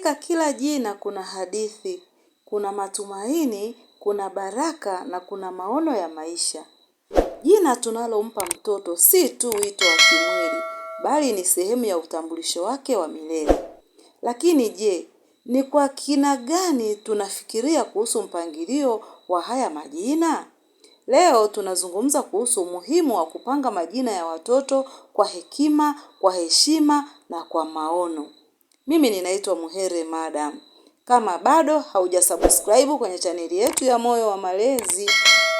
Katika kila jina kuna hadithi, kuna matumaini, kuna baraka na kuna maono ya maisha. Jina tunalompa mtoto si tu wito wa kimwili, bali ni sehemu ya utambulisho wake wa milele. Lakini je, ni kwa kina gani tunafikiria kuhusu mpangilio wa haya majina? Leo tunazungumza kuhusu umuhimu wa kupanga majina ya watoto kwa hekima, kwa heshima na kwa maono. Mimi ninaitwa Muhere Madam. Kama bado haujasubscribe kwenye chaneli yetu ya Moyo wa Malezi,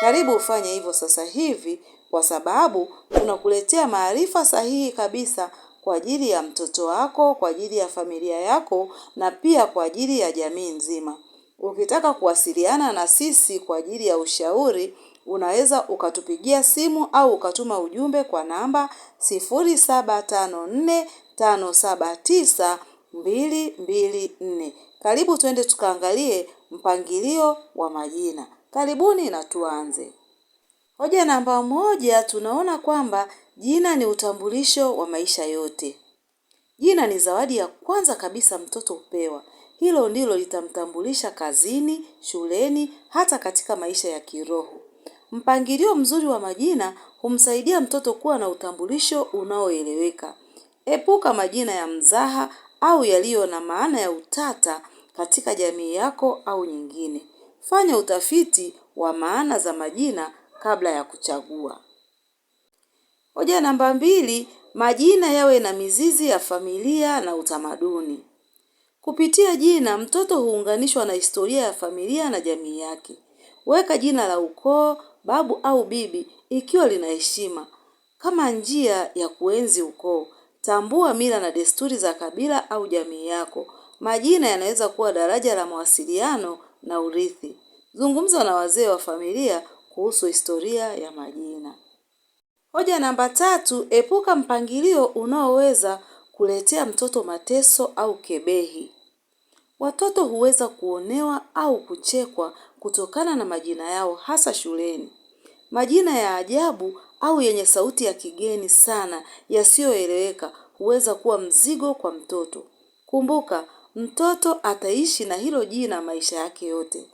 karibu ufanye hivyo sasa hivi kwa sababu tunakuletea maarifa sahihi kabisa kwa ajili ya mtoto wako, kwa ajili ya familia yako na pia kwa ajili ya jamii nzima. Ukitaka kuwasiliana na sisi kwa ajili ya ushauri, unaweza ukatupigia simu au ukatuma ujumbe kwa namba 0754579 mbili mbili nne. Karibu twende tukaangalie mpangilio wa majina. Karibuni na tuanze. Hoja namba moja, tunaona kwamba jina ni utambulisho wa maisha yote. Jina ni zawadi ya kwanza kabisa mtoto hupewa. Hilo ndilo litamtambulisha kazini, shuleni, hata katika maisha ya kiroho. Mpangilio mzuri wa majina humsaidia mtoto kuwa na utambulisho unaoeleweka. Epuka majina ya mzaha au yaliyo na maana ya utata katika jamii yako au nyingine. Fanya utafiti wa maana za majina kabla ya kuchagua. Hoja namba mbili, majina yawe na mizizi ya familia na utamaduni. Kupitia jina, mtoto huunganishwa na historia ya familia na jamii yake. Weka jina la ukoo, babu au bibi, ikiwa lina heshima, kama njia ya kuenzi ukoo. Tambua mila na desturi za kabila au jamii yako. Majina yanaweza kuwa daraja la mawasiliano na urithi. Zungumza na wazee wa familia kuhusu historia ya majina. Hoja namba tatu, epuka mpangilio unaoweza kuletea mtoto mateso au kebehi. Watoto huweza kuonewa au kuchekwa kutokana na majina yao hasa shuleni. Majina ya ajabu au yenye sauti ya kigeni sana yasiyoeleweka huweza kuwa mzigo kwa mtoto. Kumbuka, mtoto ataishi na hilo jina maisha yake yote.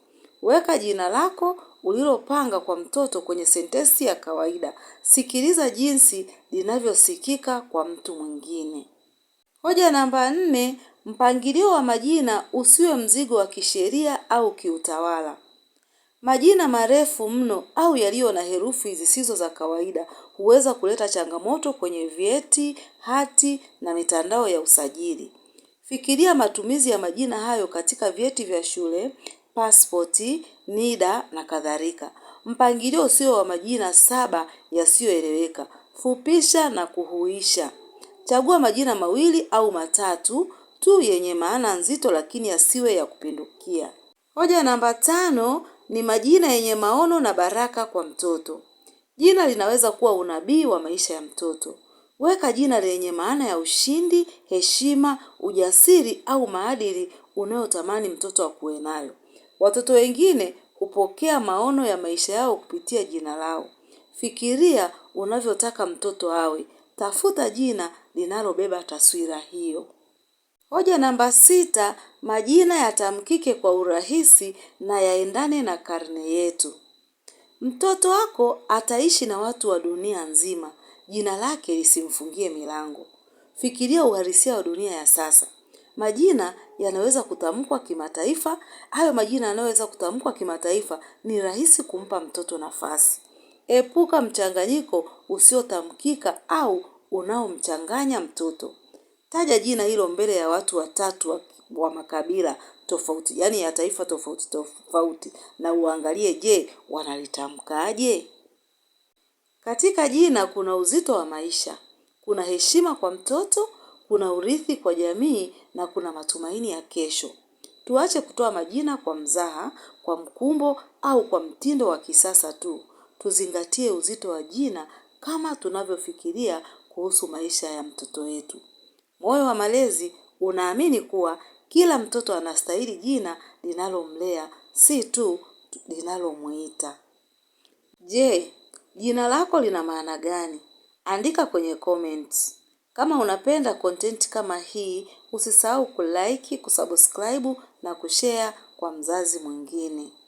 Weka jina lako ulilopanga kwa mtoto kwenye sentensi ya kawaida. Sikiliza jinsi linavyosikika kwa mtu mwingine. Hoja namba nne, mpangilio wa majina usiwe mzigo wa kisheria au kiutawala. Majina marefu mno au yaliyo na herufi zisizo za kawaida huweza kuleta changamoto kwenye vyeti, hati na mitandao ya usajili. Fikiria matumizi ya majina hayo katika vyeti vya shule, pasipoti, NIDA na kadhalika. Mpangilio usio wa majina saba yasiyoeleweka. Fupisha na kuhuisha. Chagua majina mawili au matatu tu yenye maana nzito lakini yasiwe ya kupindukia. Hoja namba tano, ni majina yenye maono na baraka kwa mtoto. Jina linaweza kuwa unabii wa maisha ya mtoto. Weka jina lenye maana ya ushindi, heshima, ujasiri au maadili unayotamani mtoto akuwe nayo. Watoto wengine hupokea maono ya maisha yao kupitia jina lao. Fikiria unavyotaka mtoto awe. Tafuta jina linalobeba taswira hiyo. Hoja namba sita, majina yatamkike kwa urahisi na yaendane na karne yetu. Mtoto wako ataishi na watu wa dunia nzima, jina lake lisimfungie milango. Fikiria uhalisia wa dunia ya sasa. Majina yanaweza kutamkwa kimataifa. Hayo majina yanayoweza kutamkwa kimataifa ni rahisi kumpa mtoto nafasi. Epuka mchanganyiko usiotamkika au unaomchanganya mtoto. Taja jina hilo mbele ya watu watatu wa, wa makabila tofauti, yaani ya taifa tofauti tofauti, na uangalie, je, wanalitamkaje? Katika jina kuna uzito wa maisha, kuna heshima kwa mtoto, kuna urithi kwa jamii na kuna matumaini ya kesho. Tuache kutoa majina kwa mzaha, kwa mkumbo au kwa mtindo wa kisasa tu. Tuzingatie uzito wa jina kama tunavyofikiria kuhusu maisha ya mtoto wetu. Moyo wa malezi unaamini kuwa kila mtoto anastahili jina linalomlea, si tu linalomuita. Je, jina lako lina maana gani? Andika kwenye comments. Kama unapenda content kama hii, usisahau kulike, kusubscribe na kushare kwa mzazi mwingine.